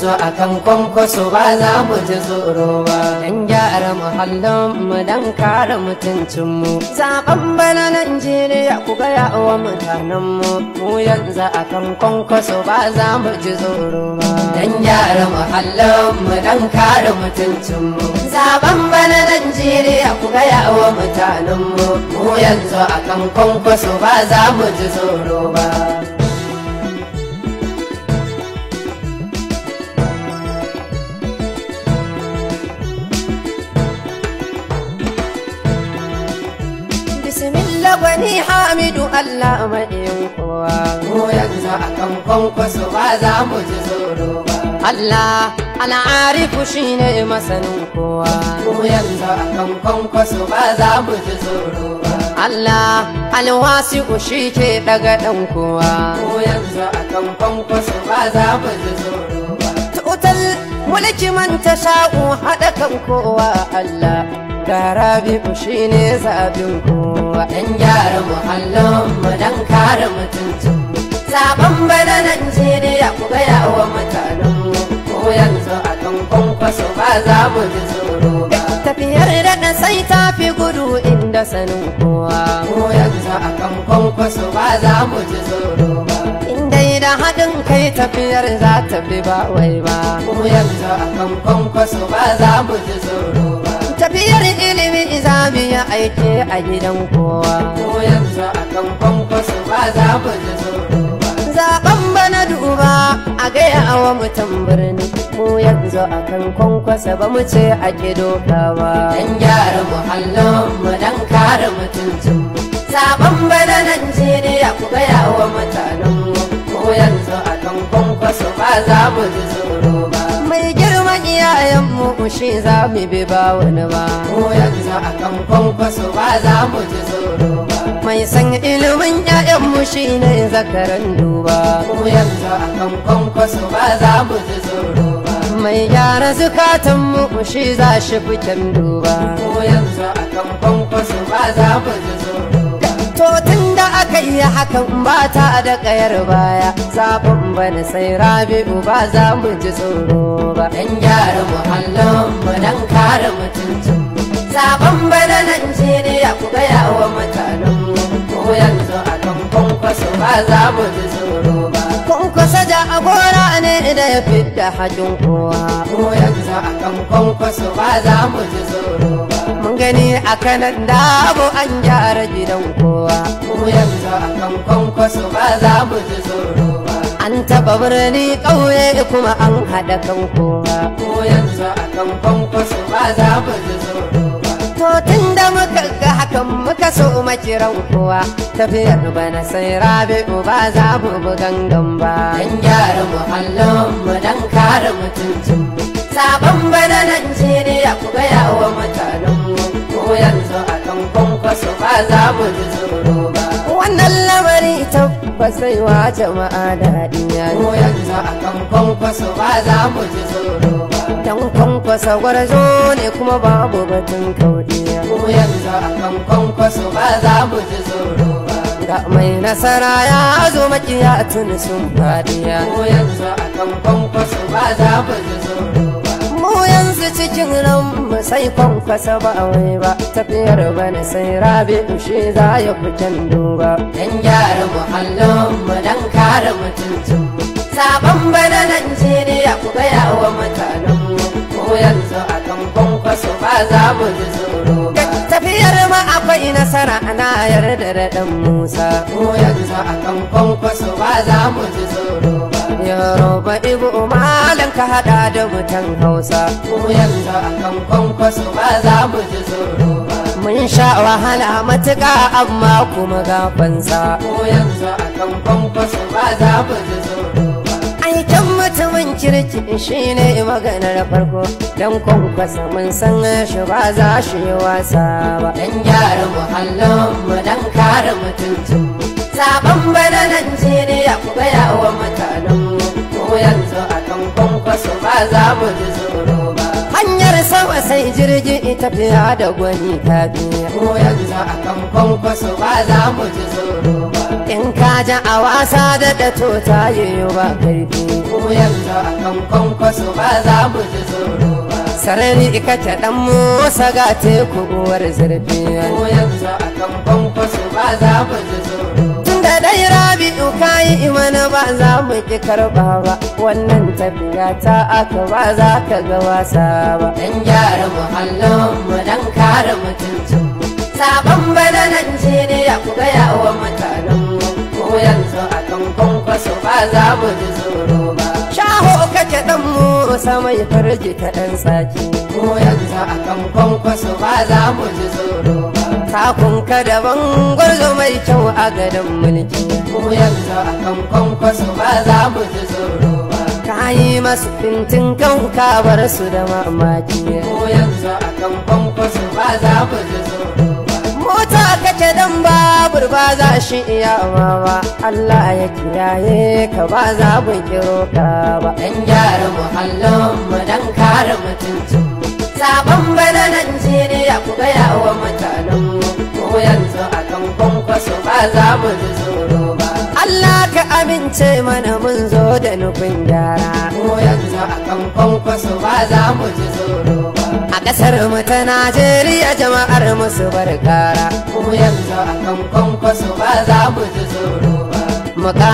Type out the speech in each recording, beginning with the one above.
zo kan kwankwaso ba za mu ji tsoro ba dan gyara muhallin mu don kare mutuncin mu zaben bana Najeriya ku gaya wa mutanen mu mu yanzu kan kwankwaso ba za mu ji tsoro ba dan gyara muhallin mu don kare mutuncin mu zaben bana Najeriya ku gaya wa mutanen mu mu yanzu kan kwankwaso ba za mu ji tsoro ba ni hamidu Allah mai kowa. Ko yanzu a kan kwankwaso ba za mu ji tsoro ba. Allah al'arifu shi ne masanin kowa. Ko yanzu a kan kwankwaso ba za mu ji tsoro ba. Allah alwasi'u shi ke daga dan kowa. Ko yanzu a kan kwankwaso ba za mu ji tsoro ba. Tutal mulki man ta sha'u haɗa kan kowa Allah. Dr. Rabi'u shine zaɓin kowa dan gyara muhallin mu dan kare mutuntun Sabon bana Najeriya ku gaya wa mutanen ko yanzu a kan kwankwaso ba za mu ji tsoro ba Tafiyar da na sai ta fi gudu inda sanin kowa ko yanzu a kan kwankwaso ba za mu ji tsoro ba da haɗin kai tafiyar za ta fi ba wai ba ko yanzu a kan kwankwaso ba za mu ji tsoro ba hanyar ilimi za mu yi a gidan kowa ko yanzu a kan kwankwaso ba za mu ji tsoro ba zaɓen bana duba a gaya wa mutum birni mu yanzu a kan kwankwasa ba mu ce a doka ba dan gyara muhallin mu dan kare mutuncin mu zaɓen bana nan jiniya ku gaya wa mutanen mu mu yanzu a kan kwankwasa ba za mu ji tsoro ba iyayenmu shi za mu bi ba wani ba. Ko yanzu a kan kwankwaso ba za mu ji tsoro ba. Mai san ilimin ‘ya'yanmu shi ne zakaran duba. Ko yanzu a kan kwankwaso ba za mu ji tsoro ba. Mai gyara zukatanmu shi za shi fitan duba. Ko yanzu a kan kwankwaso ba za mu ji tsoro ba. To tun da aka yi hakan ba ta da ƙayar baya. bani sai rabi'u ba za mu ji tsoro ba dan gyara muhallon mu dan kare mutuntun. sabon bana nan ce ne ya ku gaya wa mutanen ko yanzu a kan kwankwaso ba za mu ji tsoro ba kwankwaso ja a gora ne da ya fidda hajin kowa ko yanzu a kan kwankwaso ba za mu ji tsoro ba mun gani a kanan dabo an gyara gidan kowa ko yanzu a kan kwankwaso ba za mu ji tsoro an taɓa birni ƙauye kuma an haɗa kan kowa ko yanzu a kan su ba za mu ji tsoro to tun da muka ga hakan muka so makiran kowa tafiyar bana sai rabi'u ba za mu bu gangan ba yan gyara muhallon mu dan kare mutuncin mu sabon bana nan ce ku gaya wa mutanen mu mu yanzu a kan kwankwaso ba za mu ji tsoro ba wannan lamari tabbasai wa jama'a daɗin yayi mu yanzu a kan kwankwaso ba za mu ji tsoro ba dan kwankwasa gwarzo ne kuma babu batun kauɗiya mu yanzu a kan kwankwaso ba za mu ji tsoro ba Da mai nasara ya zo makiya tuni sun faɗiya mu yanzu a kan kwankwaso ba za mu ji tsoro wasu cikin nan sai kwankwasa ba wai ba tafiyar ne sai rabi shi za ya fitan duba dan gyara mu, dan kare mutuntun sabon bana nan ya ku gaya wa mu. ko yanzu akan kwankwasa ba za mu ji tsoro ba tafiyar ma akwai nasara ana yarda da dan musa ko yanzu akan kwankwasa ba za mu ji tsoro Yoruba Ibo malan ka hada da mutan Hausa. Mu yanzu akan kwankwaso ba za mu ji tsoro ba. Mun sha wahala matuka, amma kuma ga fansa. Mu yanzu akan kwankwaso ba za mu ji tsoro ba. Aikin mutumin kirki shine ne maganar farko. don kwankwasa mun san shi ba za shi wasa ba. Dan gyara muhallin mu dan kare mutuncin mu. zaben bana Najeriya ku gaya wa mutanenmu ko yanzu akan kwankwaso ba za mu ji tsoro ba. Hanyar sama sai jirgin ita fiya da gwani ta biya. Ko yanzu akan kwankwaso ba za mu ji tsoro ba. In ka ji a wasa da ɗato ta yiwu ba karfi. Ko yanzu akan kwankwaso ba za mu ji tsoro ba. Sarari ikata ɗan musa ga teku uwar zurfi. Ko yanzu akan kwankwaso ba za mu ji tsoro kai rabi'u kayi imana ba za mu ki karba ba wannan tafiya ta aka ba za ka ga wasa ba dan gyara muhallon mu dan kare mutuncin mu sabon bana ce ne ya ku gaya wa mutanen mu ko yanzu kan kwankwaso ba za mu ji tsoro ba shaho kake dan mu sama ya farji ta dan saki ko yanzu kan kwankwaso ba za mu ji tsoro takun ka da gwarzo mai kyau a gadon mulki mu yanzu a kan kwankwaso ba za mu ji tsoro ba ka yi masu fintin kan ka bar su da mamaki mu yanzu a kan kwankwaso ba za mu ji tsoro ka ce dan babur ba za shi iya ba Allah ya kiyaye ka ba za mu kiro ka ba dan gyara muhallin mu dan kare mutuncin zaben za mu ji tsoro ba Allah ka amince mana mun zo da nufin gyara ko yanzu a kan kwankwaso ba za mu ji tsoro ba a ƙasar mu ta Najeriya jama'ar musu barkara ko yanzu a kan kwankwaso ba za mu ji tsoro ba mu da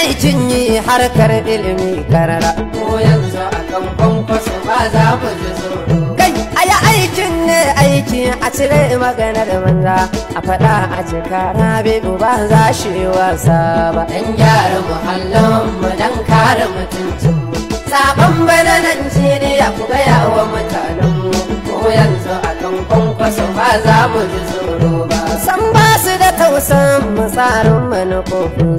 aikin yi harkar ilimi karara ko yanzu a kan kwankwaso ba za mu ji baki a cire maganar manza a faɗa a cika rabi'u ba za shi wasa ba dan gyara muhallin mu dan kare mutuntun mu sabon bana nan jiniya ku gaya wa mutanen mu ko yanzu a kan kwankwaso ba za mu ji tsoro ba san ba su da tausan mu tsarin manufofin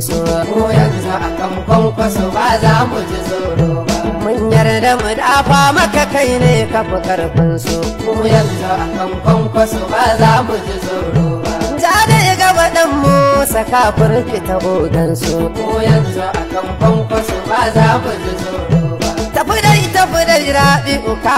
ko yanzu a kan kwankwaso ba za mu ji tsoro mun yarda mu dafa maka kai ne ka fi karfin su Kuma yanzu a kan kwankwaso ba za mu ji tsoro ba ja da gaba dan mu saka ta ogan su Kuma yanzu a kan kwankwaso ba za mu ji tsoro ba tafi dai tafi dai rabi'u ka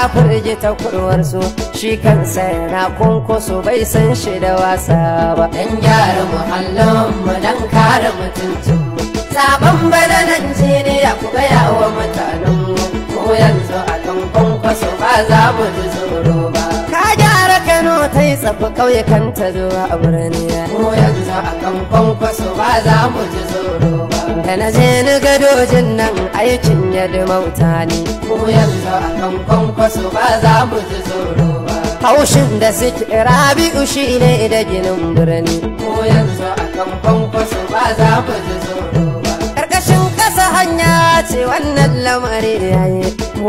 ta kurwar su shi kansa yana kwankwaso bai san shi da wasa ba dan gyara muhallin mu dan kare mutuntun mu zaben bana Najeriya ku gaya wa mutanen mu yanzu a kan kwankwaso ba za mu ji tsoro ba. Ka gyara Kano ta yi tsafi kauye ta zuwa a birni. Ko yanzu a kan kwankwaso ba za mu ji tsoro ba. Da na je ni gadojin nan aikin ya da mauta ne. Ko yanzu a kan kwankwaso ba za mu ji tsoro ba. Haushin da suke rabi'u shi ne da ginin birni. Ko yanzu a kan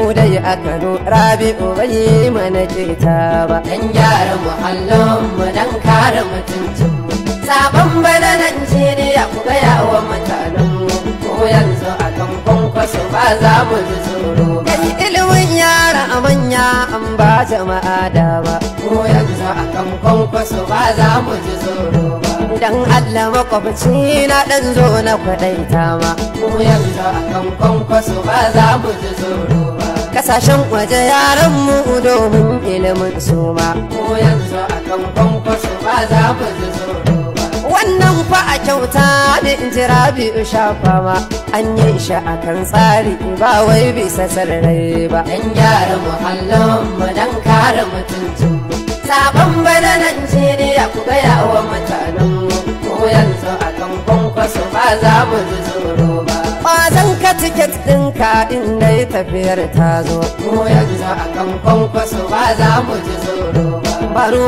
mu dai a Kano Rabi'u bai mana ta ba. Dan gyara muhallin mu dan kare mutuncin mu. Sabon bana nan ce ne ya ku gaya wa mutanen mu. Ko yanzu a kan kwankwaso ba za mu ji tsoro. Gani ilimin yara a manya an ba jama'a da ba. Ko yanzu a kan kwankwaso ba za mu ji tsoro ba. dan Allah makwabci na dan zo na kwaɗaita ma. Ku yanzu a kan kwankwaso ba za mu ji tsoro. kasashen waje yaran mu domin ilimin su ma ko yanzu akan kwankwaso ba za ku ji tsoro wannan fa a kyauta ne in ji rabi'u shafa ma an yi shi a kan tsari ba wai bisa sarrai ba dan gyara muhallin mu dan kare mutuntu sabon bana nan ce ne ya ku gaya wa mutanen mu ko yanzu akan kwankwaso ba za mu ji tsoro zan ka tiket ɗinka in na yi tafiyar ta zo. Ko yanzu a kan kwankwaso ba za mu ji tsoro ba. Ba da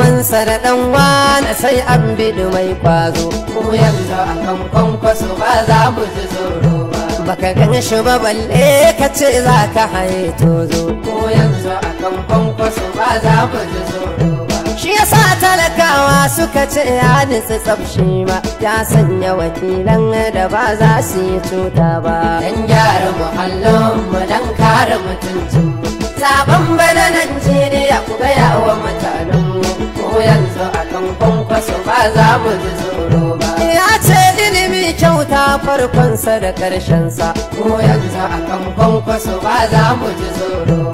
ɗan wana sai an biɗi mai kwazo. Ko yanzu a kan kwankwaso ba za mu ji tsoro ba. Baka gan shi ba balle ka ce za ka haye tozo. Ko yanzu a kan kwankwaso ba za mu ji tsoro shi yasa talakawa suka ce ya nitsi tsabshi ba. ya sanya wakilan da ba za su yi cuta ba dan gyara mu dan kare mutuncinmu sabon bana Najeriya ku gaya wa mu. ko yanzu a kan kwankwaso ba za mu ji tsoro ba ya ce ilimi kyauta farkonsa da sa. ko yanzu a kan kwankwaso ba za mu ji tsoro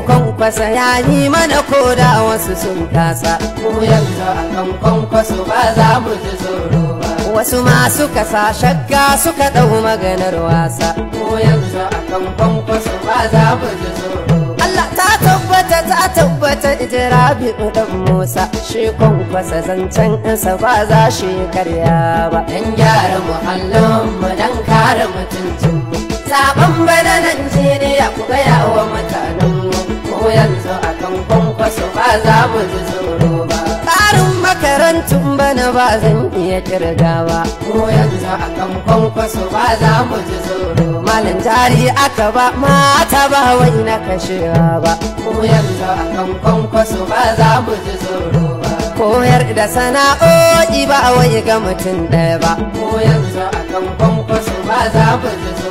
kwankwasa ya yi mana koda wasu sun kasa mu yanzu a kan kwankwaso ba za mu ji tsoro ba wasu ma suka sa shakka suka ɗau maganar wasa mu yanzu a kan kwankwaso ba za mu ji tsoro Allah ta tabbata ta tabbata ijirabi ɗan Musa shi kwankwasa zancen insa ba za shi karya ba dan gyara muhallin mu dan kare mutuntun. mu bananan bana Najeriya ku gaya wa mutanen mu mu yanzu akan kwankwaso ba za mu ji tsoro ba tsarin makarantun bana ba zan iya kirga ba mu yanzu akan kwankwaso ba za mu ji tsoro malin jari aka ba mata ba wai na kashewa ba mu yanzu akan kwankwaso ba za mu ji tsoro ba koyar da sana'o'i ba wai ga mutum ɗaya ba mu yanzu akan kwankwaso ba za mu ji tsoro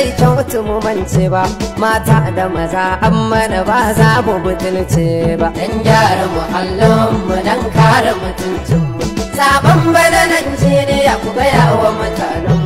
bai kyautu mu mance ba mata da maza amma da ba za mu butulce ba dan gyara muhallin mu dan kare mutuncin mu sabon bana jini ya ku gaya wa mutanen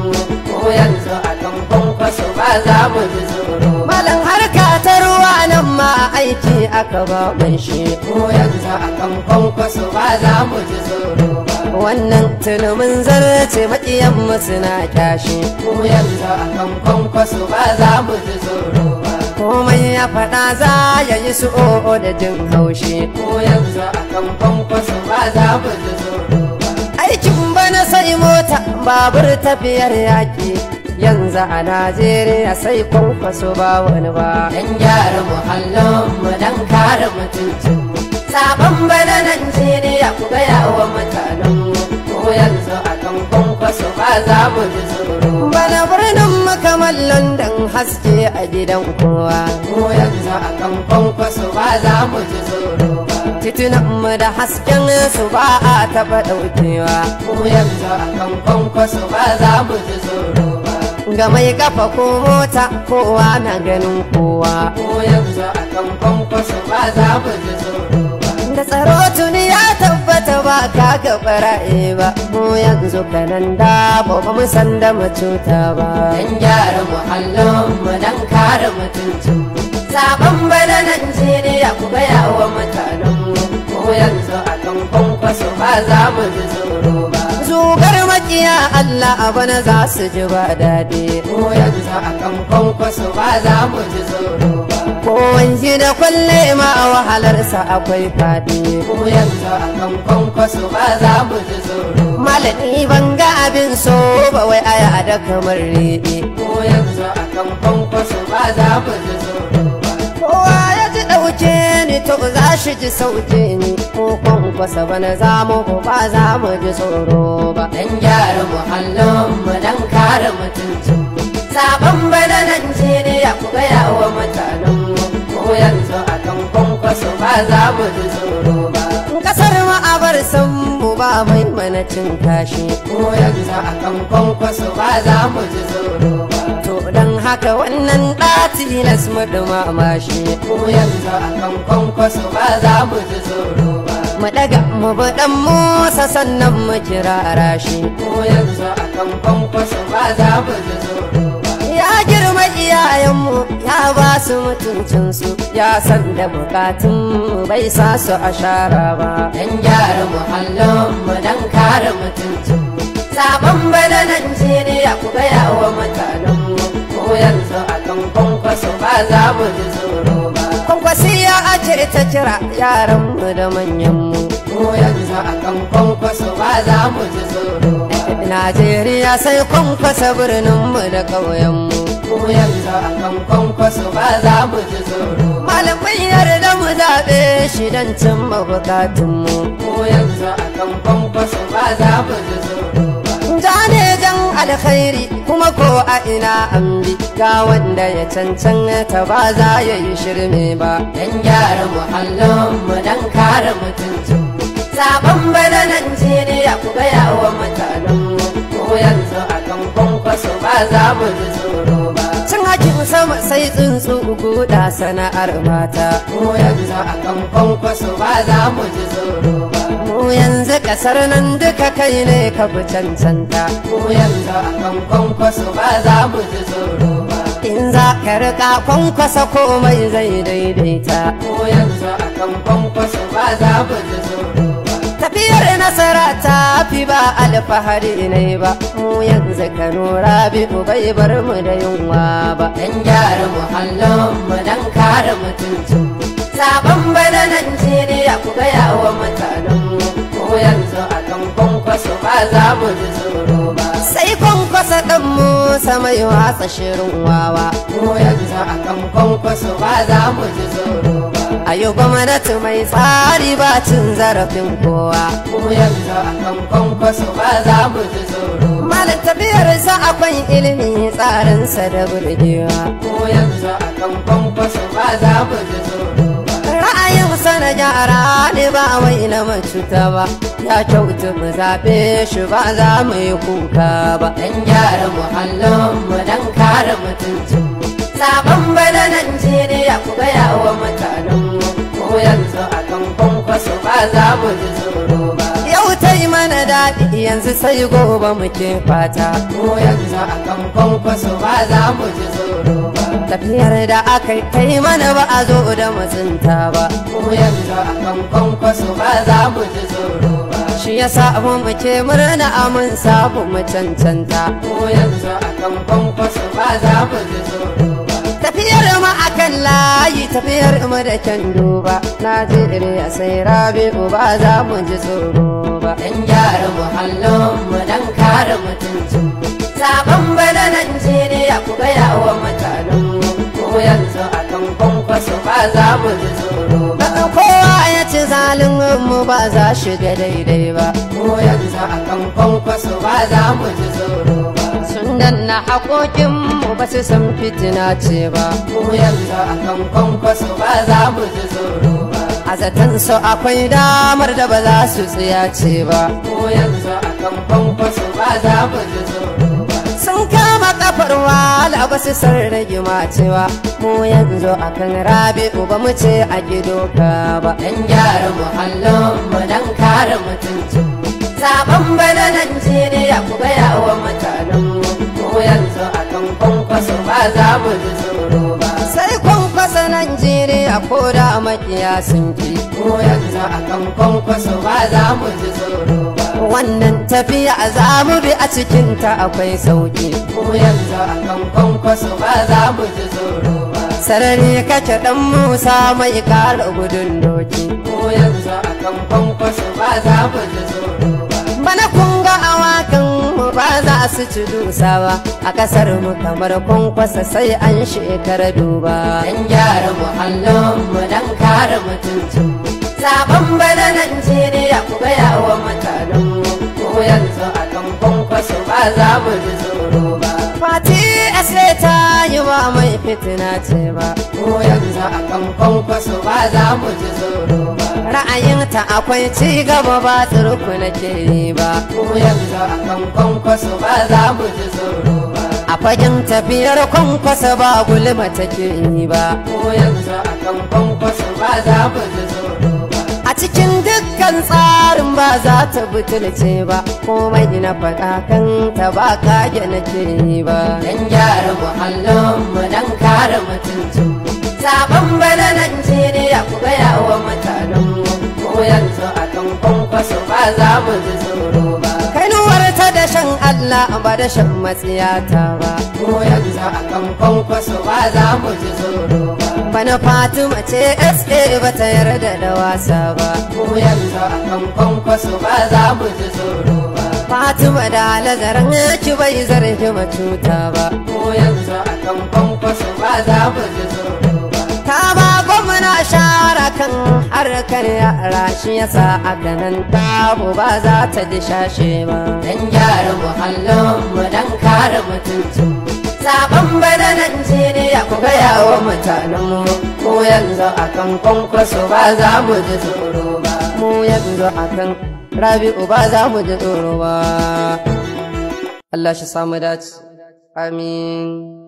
mu ko yanzu a kan kwankwaso ba za mu ji tsoro malam harka ta ruwa nan ma aiki aka ba mun shi ko yanzu a kan kwankwaso ba za mu ji tsoro wannan tunumin zarce maƙiyan musu na kyashi mu yanzu a kan kwankwaso ba za mu ji tsoro ba komai ya faɗa za ya yi su o'o da jin kaushi mu yanzu a kan kwankwaso ba za mu ji tsoro ba aikin bana sai mota babur tafiyar yaƙi yanzu a Najeriya sai kwankwaso ba wani ba. Dan gyara muhallin mu dan kare mutuncin zaben bana Najeriya ku gaya wa mutanen ko yanzu a kan kwankwaso ba za mu ji tsoro. Bana birnin makamar London haske a gidan kowa. Ko yanzu a kan kwankwaso ba za mu ji tsoro ba. Titunan da hasken su ba a taɓa ɗaukewa. Ko yanzu a kan kwankwaso ba za mu ji tsoro ba. Ga mai kafa ko mota kowa na ganin kowa. Ko yanzu a kan kwankwaso ba za mu ji tsoro tsaro tuni ya tabbata ba ka ga baraye ba mu yanzu kanan da ba mu san da mu cuta ba dan gyara muhallin mu dan kare mutuncin mu zaben bana nan ya ku gaya wa mutanen mu ko yanzu kan kwankwaso ba za mu ji tsoro ba zugar makiya Allah a bana za su ji ba daɗi ko yanzu a kan kwankwaso ba za mu ji tsoro ba kowan da kwalle ma a wahalarsa akwai fadi ko yanzu a kan kwankwaso ba za mu ji tsoro malami ban ga abin so ba wai aya da kamar riɗi ko yanzu a kan kwankwaso ba za mu ji tsoro ba. kowa ya ji ɗauke ni to za shi ji sauke ni ko kwankwasa ba na za mu ko ba za mu ji tsoro ba dan gyara muhallin mu dan kare mutuntun zaben bana Najeriya ku gaya wa mutanen ko yanzu a kan kwankwaso ba za mu ji tsoro ba. Kasar ma a bar san mu ba mai mana cin kashi ko yanzu a kan kwankwaso ba za mu ji tsoro ba. To dan haka wannan ɗaci na su maɗuma mashi. ko yanzu a kan kwankwaso ba za mu ji tsoro ba. Mu daga mu baɗan musa sannan mu kira rashi ko yanzu a kan kwankwaso ba za mu ji tsoro iyayenmu ya ba su mutuncinsu ya san da bukatun bai sa su a shara ba dan gyara muhallinmu dan kare mutuncinmu sabon bana nan jiniya ku gaya wa mutanenmu ko yanzu a kan kwankwaso ba za mu ji tsoro ba kwankwasi ya aje ta kira yaranmu da manyanmu ko yanzu a kan kwankwaso ba za mu ji tsoro ba Najeriya sai kwankwasa birninmu da ƙauyenmu mu yanzu akan kwankwaso ba za mu ji tsoro malamai yarda mu zaɓe shi don cimma bukatunmu mu yanzu akan kwankwaso ba za mu ji tsoro Jane jan alkhairi kuma ko a ina an bi ga wanda ya ta ba za ya yi shirme ba dan gyara muhallinmu dan kare mutuncin sabon bada Najeriya ku gaya wa mutanenmu ko yanzu akan kwankwaso ba za mu ji tsoro Takin sama sai tsuntsu guda sana'ar mata. Mu yanzu a kan kwankwaso ba za mu ji tsoro ba. Mu yanzu kasar nan duka kai ne ka fi cancanta. Mu yanzu a kan kwankwaso ba za mu ji tsoro ba. In za ka riƙa kwankwasa komai zai daidaita. Mu yanzu a kan kwankwaso ba za mu ji tafiyar nasara ta fi ba alfahari ne ba mu yanzu kano rabi bai bar mu da yunwa ba dan gyara muhallin mu dan kare mutuntun sabon bana Najeriya ku gaya wa mutanen mu yanzu a kan kwankwaso ba za mu ji tsoro ba sai kwankwaso ɗan sama yi wasa shirin wawa Ko yanzu a kan kwankwaso ba za mu ji tsoro Ayo gwamnati mai tsari ba cin zarafin kowa. kuma yanzu a kan kwankwaso ba za mu ji tsoro. Malam tafiyarsa akwai ilimi sa da burgewa. kuma yanzu a kan kwankwaso ba za mu ji tsoro. Ra'ayin sana gyara ne ba wai na macuta ba. Ya kyautu mu zaɓe shi ba za mu yi kuka ba. Dan gyara muhallinmu dan kare mutuntu. Sabon bana Najeriya ku gaya wa mutanen yanzu akan kwankwaso ba za mu ji tsoro ba yau ta yi mana daɗi yanzu sai gobe muke fata ko yanzu akan kwankwaso ba za mu ji tsoro ba tafiyar da aka kai mana ba a zo da mutunta ba ko yanzu akan kwankwaso ba za mu ji tsoro ba shi ya sa mu muke murna a mun sabu mu cancanta ko yanzu akan kwankwaso ba za mu ji tsoro tafiyar ma kan layi tafiyar mu da kyan duba a sai rabi ba za mu ji tsoro ba dan gyara muhallin mu dan kare mutuncin mu zaben bana Najeriya ku gaya wa mutanen mu ko yanzu a kan kwankwaso ba za mu ji tsoro ba kowa ya ci zalin mu ba za shiga daidai ba ko yanzu a kan kwankwaso ba za mu ji tsoro ba waɗannan na haƙoƙinmu ba su san fitina ce ba. Mu yanzu a kan kwankwaso ba za mu ji tsoro ba. A zaton so akwai damar da ba za su tsaya ce ba. Mu yanzu a kan kwankwaso ba za mu ji tsoro ba. Sun kama kafar wala ba su san rage cewa Mu yanzu a kan rabi'u ba mu ce a gido ka ba. Dan gyara mu, dan kare mutuncin. Sabon bana Najeriya ku gaya wa mutanen yanzu akan kwankwaso ba za mu ji tsoro ba sai kwankwasa Najeriya ko da makiya sun ki ko yanzu akan kwankwaso ba za mu ji tsoro ba wannan tafiya za mu bi a cikin ta akwai sauƙi. ko yanzu akan kwankwaso ba za mu ji tsoro ba sarari kake dan Musa mai kara gudun doki ko yanzu akan kwankwaso ba za mu ji tsoro ba za su ci dusa ba a kasar mu kamar kwankwasa sai an shekara duba dan gyara muhallin mu dan kare mutuncin mu bana Najeriya ku gaya wa mutanen mu ko yanzu a kan kwankwaso ba za mu ji mai fitina ce ba ko yanzu a kankon kwaso ba za mu ji tsoro ba Ra'ayin ta akwai ci gaba ba turku ke yi ba ko yanzu a kankon kwaso ba za mu ji tsoro ba a fagen tafiyar kwankwasa ba gulma take yi ba ko yanzu a kankon kwaso ba za mu ji tsoro kan tsarin ba za ta butulce ba komai na faɗa kan ta ba ka gina ce ba dan gyara muhallin mu dan kare mutuntun sabon bana nan ce ne ya ku gaya wa mutanen mu ko yanzu kan kwankwaso ba za mu ji tsoro da shan Allah ba da shan matsiyata ba. Ko yanzu a kan kwankwaso ba za mu ji tsoro ba. Bana Fatima ce SA ba ta yarda da wasa ba. Ko yanzu a kan kwankwaso ba za mu ji tsoro ba. Fatima da alazaran ki bai zargi matuta ba. Ko yanzu a kan kwankwaso ba za mu ji harkar yara shi sa a ganin tahu ba za ta shashe ba dan gyara muhallin mu dan kare mutuntu. sabon bananan ya ku gaya wa mutanenmu mu yanzu akan kwankwaso ba za mu ji tsoro ba mu yanzu akan rabi'u ba za mu ji tsoro ba Allah shi samu dace amin